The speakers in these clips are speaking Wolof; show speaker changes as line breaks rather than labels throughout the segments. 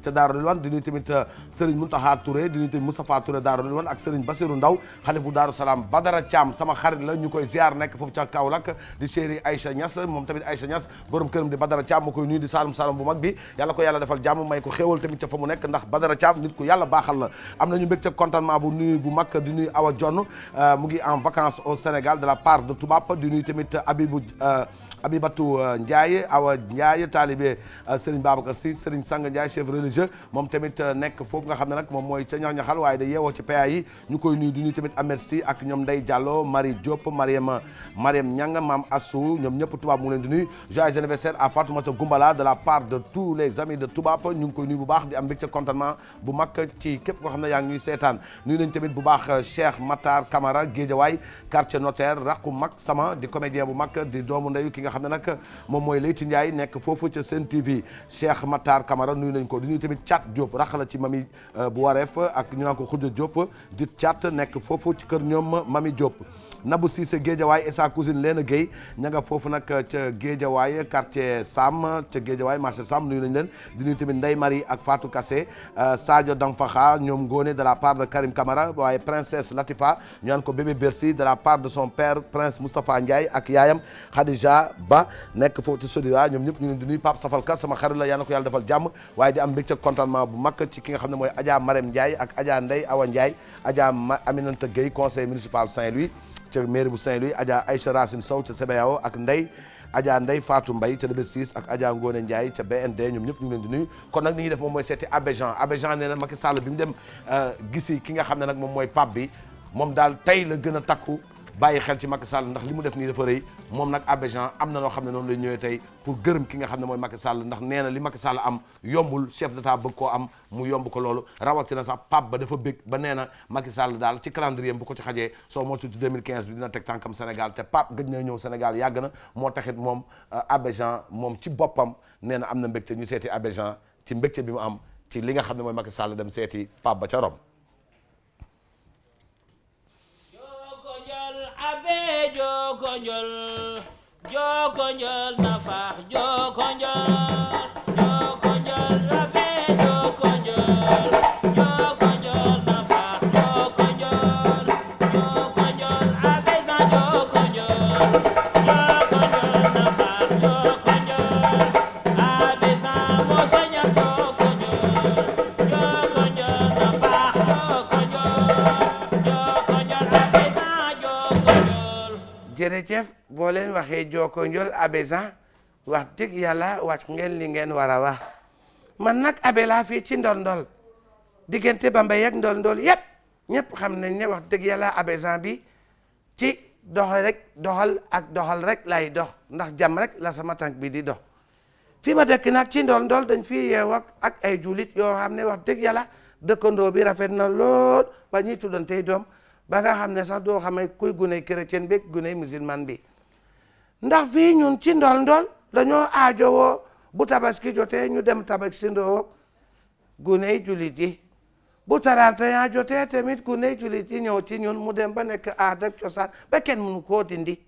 ca Daarul Iwan di nuyu tamit euh, Serigne Mountakha Touré di nuyu tamit Moustapha Touré Daarul Iwan ak Serigne Bassirou Ndaw xalif bu daar Salaam Badara Thiam sama xarit la ñu koy ziar nekk foofu ca Kaolack di chéri Aïcha Niass moom tamit ay Niass borom këram di Badara Thiam ma koy nuyu di saalum saalum bu mag bi yàlla ko yàlla defal jàmm may ko xéewal tamit ca fa mu nekk ndax Badara Thiam nit ku yàlla baaxal la am nañu mbég ca contentement bu nuyu bu mag di nuyu Awa Dione euh, mu ngi en vacances au Sénégal de la part de Toubab di nuyu tamit bu Abibatu euh, Ndiaye Awa Ndiaye taalibe euh, Serigne Babacar Sy Serigne Sang Ndiaye chef religieux moom tamit euh, nekk foofu nga xam ne nag moom mooy ca ñax-ñaxal waaye da yeewoo ci PA yi ñu koy nuyu du ñu tamit Amet Sy ak ñoom Ndeye Diallo Marie Diop Mariam Mariam Ñang Maam Assou ñoom ñëpp tubaab mu leen di nuyu joyeux anniversaire à Fatoumata Goumbala de la part de tous les amis de tubaab ñu ngi koy nuyu bu baax di am mbégte contentement bu mag ci képp koo xam ne yaa ngi seetaan nuyu nañ tamit bu baax Cheikh Matar Camara Guédiawaye quartier notaire raqu mag sama di comédien bu mag di doomu ndeyu ki nga xam ne nag moom mooy Leyti Ndiaye nekk foofu ca Sen TV Cheikh Matar Camara nuyu nañ ko di nuyu tamit Thiat Diop rax la ci mami euh, bu wareef ak ñu naan ko Khoudia Diop di Thiat nekk foofu ci kër ñoom mami Diop Nabou Cissé Géejawaay et sa cousine Léna a ña nga foofu nag ca Géejawaay quartier Sam ca waay marché Sam nuyu nañ leen di nuyu tamit Ndeye Marie ak faatu Kassé euh, Sadio Damfaxa ñoom ngoone de la part de Karim Camara waaye princesse Latifa ñu naan ko bébé Bercy de la part de son père prince Moustapha Ndiaye ak yaayam Khadija Ba nekk foofu ci Sodira ñoom ñëpp ñu leen di nuyu Safalka sama xarit la yàlla na ko yàlla defal jàmm waaye di am mbégte contentement bu mag ci ki nga xam ne mooy Adja Marème Ndiaye ak Adja Ndeye Awa Ndiaye Adja Aminata Gueye conseil municipal saint ca mairie bu Saint-Louis Adja Aïcha Racine Sow ca CBAO ak Ndeye Adja Ndeye Fatou Mbaye ca Liberté 6 ak Adja Ngone Ndiaye ca BND ñoom ñëpp ñu ngi leen di kon nag li ñuy def moom mooy seeti Abbé Jean nee na Macky Sall bi mu dem euh, gisi ki nga xam ne nag moom mooy pape bi moom daal tey la gën a takku bàyyi xel ci Macky Sall ndax li mu def nii dafa rëy moom nag Abidjan am na loo xam ne noonu la ñëwee pour gërëm ki nga xam ne mooy Macky Sall ndax nee na li Macky Sall am yombul chef d'état koo am mu yomb ko loolu rawatina sax Pape ba dafa bëgg ba nee na Macky Sall daal ci calendrier bu ko ci xajee soo moytu ci 2015 bi dina teg tànkam Sénégal te Pape na ñëw Sénégal yàgg na moo taxit moom euh, Abidjan moom ci boppam nee na am na mbégte ñu seeti Abidjan ci mbégte bi mu am ci li nga xam ne mooy Macky Sall dem seeti Pape ba ca Rome
Jokonjol Jokonjol na faax Jokonjol jërëjëf boo leen waxee joko njol abe wax dëgg yàlla wàcc ngeen li ngeen war a wax man nag abe laa fii ci ndol-ndol diggante Bambey ak ndol-ndol yëpp ñëpp xam nañ ne wax dëgg yàlla abe bi ci doxal rek doxal ak doxal rek lay dox ndax jam rek la sama tànk bi di dox fi ma dëkk nag ci ndol-ndol dañ fi wax ak ay julit yoo xam ne wax dëgg yàlla dëkkandoo bi rafet na lool ba ñuy tuddantey doom ba nga xam ne sax doo xamay kuy gune chrétien bi gune musulman bi ndax fii ñun ci ndol ndol dañoo aajowoo bu tabaski jote ñu dem tabaski ndoo guney julit ji bu taranta yaa jotee tamit guney julit yi ñëw ci ñun mu dem ba nekk aada ak cosaan ba kenn mënu koo dindi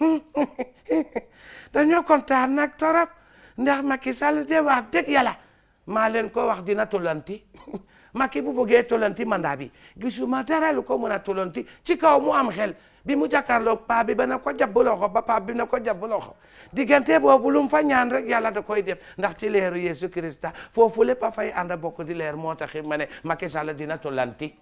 dañoo kontaan nag torop ndax Macky Sall de wax dëgg yàlla maa leen ko wax dina tollanti Macky bu bëggee tollanti mandat bi gisuma dara lu ko mën a tollanti ci kaw mu am xel bi mu jàkkaarloog paa bi ba na ko jàpp loxo ba paa bi na ko jàpp loxo diggante boobu lu mu fa ñaan rek yàlla da koy def ndax ci leeru Yeesu Krista foofu lépp a fay ànd bokk di leer moo taxi ma ne Macky Sall dina tollanti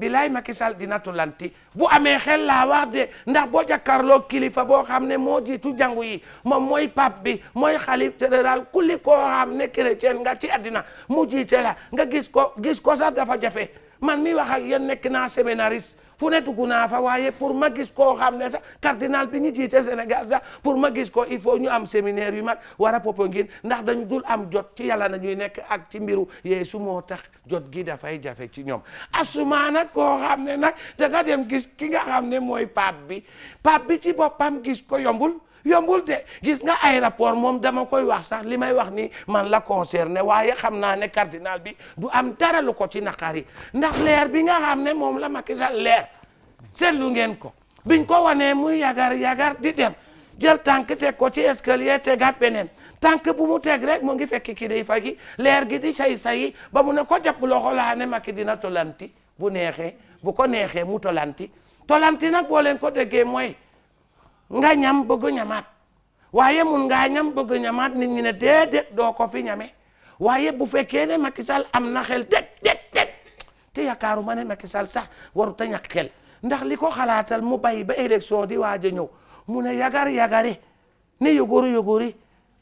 bilaay Macky Sall dina tulanti bu amee xel laa wax de ndax boo jàkkaarloo kilifa boo xam ne moo jiitu jàngu yi moom mooy pape bi mooy xalif général kulli koo xam ne chrétien nga ci àddina mu ji la nga gis ko gis ko sa dafa jafe man mi wax ak yéen nekk naa séminariste fu ne naa fa waaye pour ma gis koo xam ne sax cardinal bi ñu jiite Sénégal sax pour ma gis ko il faut ñu am séminaire yu mag war a Popenguine ndax dañ dul am jot ki yàlla na ñuy nekk ak ki mbiru Yeesu moo tax jot gi dafay jafe ci ñoom asuma nag koo xam ne nag da nga gis ki nga xam ne mooy pape bi pape bi ci boppam gis ko yombul yombul de gis nga aéroport moom dama koy wax sax li may wax ni man la concerné waaye xam naa ne cardinal bi du am dara lu ko ci naqari ndax leer bi nga xam ne moom la Macky Sall leer seetlu ngeen ko biñ ko wanee muy yagar yagar di dem jël tànk teg ko ci escalier tegaat beneen tànk bu mu teg rek mu ngi fekk ki day fagi leer gi di say sayi ba mu ne ko jàpp loxo laa ne maki dina tolanti bu neexee bu ko neexee mu tolanti tolanti nag boo leen ko déggee mooy nga ñam bëgg ñamaat waaye mun ngaa ñam bëgg ñamaat nit ñi ne déedéet doo ko fi ñame waaye bu fekkee ne Macky Sall am na xel dég dég dég te yaakaaru ma ne Macky Sall sax warut a ñàkk xel ndax li ko xalaatal mu bay ba élection di waaj a ñëw mu ne yagar yagari ne yogori yogori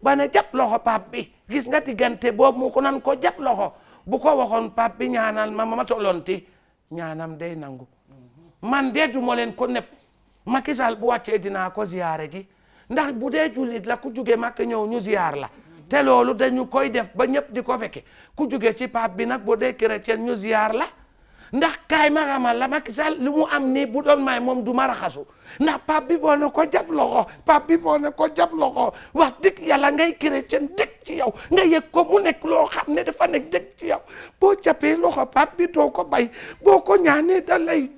ba ne jàpp loxo pap gis nga diggante boobu mu ko nan ko jàpp loxo bu ko waxoon pap bi ñaanal ma ma ti ñaanam day nangu man de du ma ko nepp Macky Sall bu wàccee dinaa ko ziyaare ji ndax bu dee julit la ku jugee Makka ñëw ñu ziyaar la te loolu dañu koy def ba ñëpp di ko fekke ku jugee ci pape bi nag bu dee chrétien ñu ziyaar la ndax kaay ma xamal la Macky sal lu mu am nii bu doon may moom du ma raxasu ndax Pape bi boo na ko jàpp loxo Pape bi boo na ko jàpp loxo wax dëgg yàlla ngay chrétien dëgg ci yow nga yëg ko mu nekk loo xam ne dafa nekk dëgg ci yow boo jàppee loxo Pape bi doo ko bay boo ko ñaanee da lay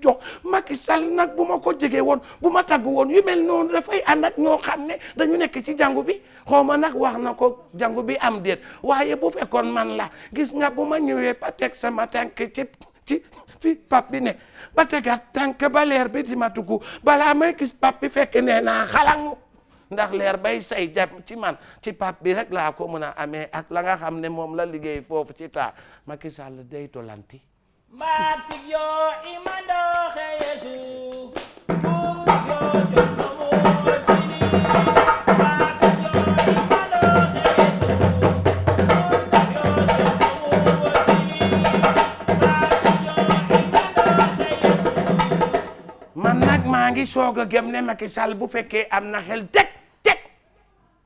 ma Macky sal nag bu ma ko jegee woon bu ma tagg woon yu mel noonu dafay ànd ak ñoo xam ne dañu nekk ci jàngu bi xaw ma nag wax na ko jàngu bi am déet waaye bu fekkoon man la gis nga bu ma ñëwee ba teg sama tànk ci ci fi pap bi ne ba tegaat tànk ba leer bi di ma tugg balaa may gis pap bi fekk nee naa xalangu ndax leer bay say jàpp ci man ci pap bi rek laa ko mën a amee ak la nga xam ne moom la liggéey foofu ci taa Macky Sall day tolanti mbaatik yoo i mandoo xëye suuf buur yoo jot maa ngi soog a gëm ne Macky Sall bu fekkee am na xel teg teg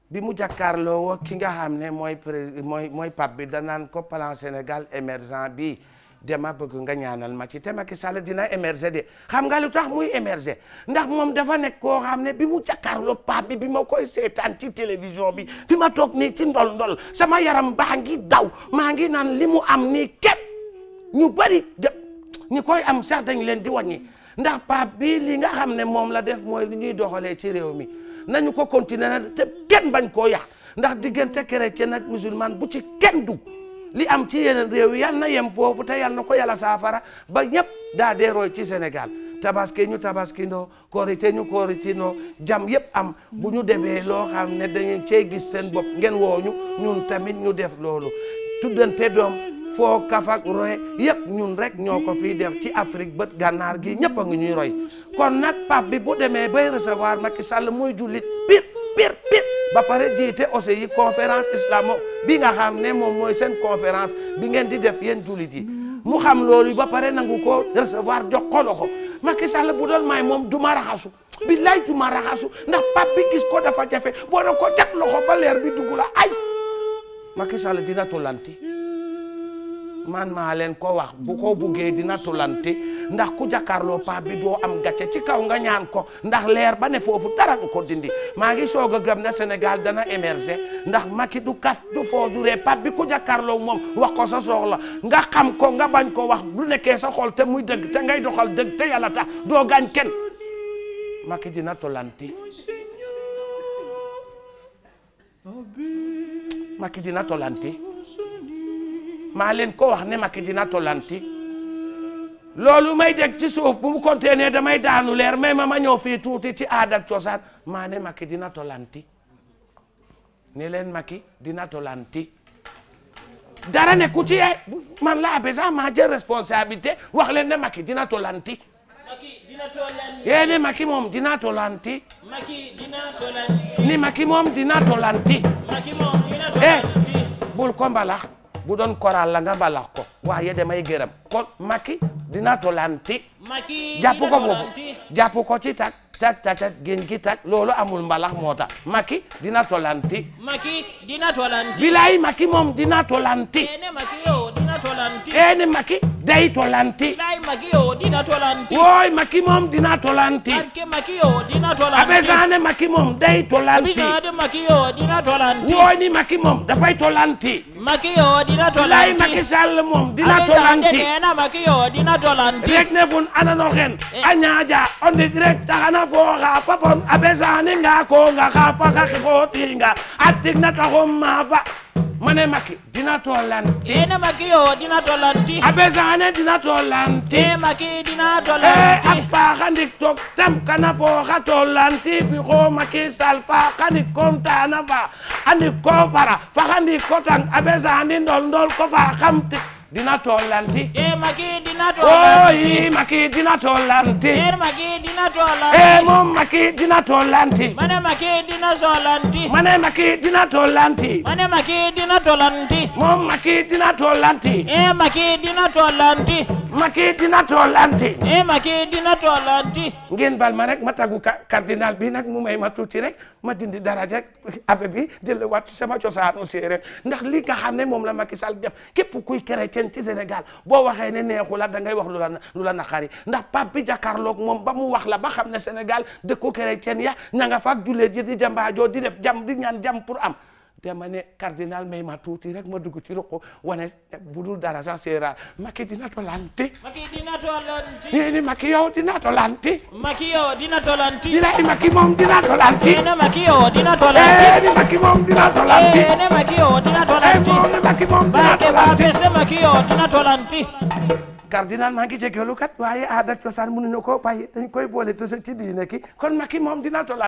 bi mu jàkkaarloo ki nga xam ne mooy pré mooy mooy pape bi danaan ko plan Sénégal émergent bi dama bëgg nga ñaanal ma ci te maki Sall dina émerger de xam nga lu tax muy émerge ndax moom dafa nekk koo xam ne bi mu jàkkaarloo pape bi bi ma koy seetaan ci télévision bi fi ma toog ni ci ndol-ndol sama yaram baa ngi daw maa ngi naan li mu am nii képp ñu bari de ñi koy am sax dañ leen di wàññi. ndax pape bii lii nga xam ne moom la def mooy li ñuy doxalee ci réew mi nañu ko continuer na te kenn bañ koo yàq ndax diggante chrétien ak musulman bu ci ken dugg li am ci yeneen réew yal na yem foofu te yal na ko yàlla saafara ba ñëpp daa dee roy ci senegal tabaski ñu tabaski ndoo korite ñu korite ndoo jam yëpp am bu ñu defee loo xam ne dañu cey gis seen bopp ngeen wooñu ñun tamit ñu def loolu tuddante doom foo kafak roye yëpp ñun rek ñoo ko fii def ci Afrique bët gànnaar gi ñëpp a ngi ñuy roy kon nag pape bi bu demee bay recevoir Macky Sall mooy jullit pir pir ba pare jiite aussi yi conférence islamo bi nga xam ne moom mooy seen conférence bi ngeen di def yéen jullit yi mu xam loolu ba pare nangu ko recevoir jox ko loxo Macky Sall bu doon maay moom du ma raxasu billaay du ma raxasu ndax pape bi gis ko dafa jafe boo na ko jag loxo ba leer bi dugg ay Macky Sall dina man maa leen ko wax bu ko buggee dina tulante ndax ku jàkkaarloo paa bi doo am gàcce ci kaw nga ñaan ko ndax leer ba ne foofu dara du ko dindi maa ngi soog a gëm ne Sénégal dana émerger ndax Macky du kaf du foo ree paa bi ku jàkkaarloo moom wax ko sa soxla nga xam ko nga bañ ko wax lu nekkee sa xol te muy dëgg te ngay doxal dëgg yàlla tax doo gaañ kenn Macky dina tulante Macky maa leen ko wax ne Macky dina tollanti loolu may dégg ci suuf bu mu continuer damay daanu leer mais ma ma ñëw fii tuuti ci aada ak cosaan maa ne Macky dina tollanti ne leen Macky dina tollanti dara ne ku ci yaay man la abesa maa jël responsabilité wax leen ne Macky dina tollanti yéene Macky moom dina tolanti ni Macky moom dina tolanti eh bul ko mbalax bu doon koraal la nga balax ko waaye damay gërëm kon Macky dina tolanti jàpp ko foofu jàpp ko ci tak tak tak tak gén gi loolu amul mbalax moo tax Macky dina tolanti Macky dina tolanti bilaay Macky moom dina tolanti eeni Macky day tolanti wooy Macky moom dina tolanti abesaane Macky moom day tolanti oh, oh, wooy ni Macky moom dafay tolanti lay Macky Sall moom dina tolanti rek ne fun anano xen eh. a ñaaja o ndik rek taxana fooxa fapon abesaane nga ko nga xa faxa xixootinga a tig na taxom maafa ma ne Macky dina tollanti. nee na Macky dina tollanti. Eh, abesaane dina tollanti. nee Macky dina tam kana fooxa tollanti fi xoo Macky Sall faaxandik kontaana fa andik ko fara faxandik ko tang abesaani ndol ndol ko faa xam te. dina tollanti. eh Macky dina tollanti. ooyi Macky dina tollanti. eh Macky dina tollanti. eh moom Macky dina tollanti. ma ne Macky dina tollanti. ma ne Macky dina tollanti. ma ne Macky dina tollanti. moom Macky dina tollanti. eh Macky dina tollanti. Macky dina tollanti. eh Macky dina tollanti. ngeen bal ma rek ma tagu cardinal bi nag mu may ma tuuti rek ma dindi daraja abe bi delluwaat sama cosaanu séeréer ndax li nga xam ne moom la Macky Sall def képp kuy chrétien jigéen ci Sénégal boo waxee ne neexu la danga ngay wax lu la lu la naqari ndax pape bi moom ba mu wax la ba xam ne Sénégal dëkku chrétien ya ña nga faak jullit yi di jàmbaajoo di def jàmm di ñaan jam pour am te ma ne cardinal may ma tuuti rek ma dugg ci ruq wane bu dul dara sax seeraat Macky dina tolanti. Macky dina tolanti. nee na Macky yow dina tolanti. Macky yow dina tolanti. bilaay Macky dina tolanti. nee na Macky yow dina tolanti. nee na Macky moom dina tolanti. nee na Macky yow dina tolanti. nee na Macky moom dina tolanti. ba pes ne Macky yow dina tolanti. cardinal maa ngi jégalu kat dañ koy boole toujours ci diine ki kon Macky moom dina tolanti.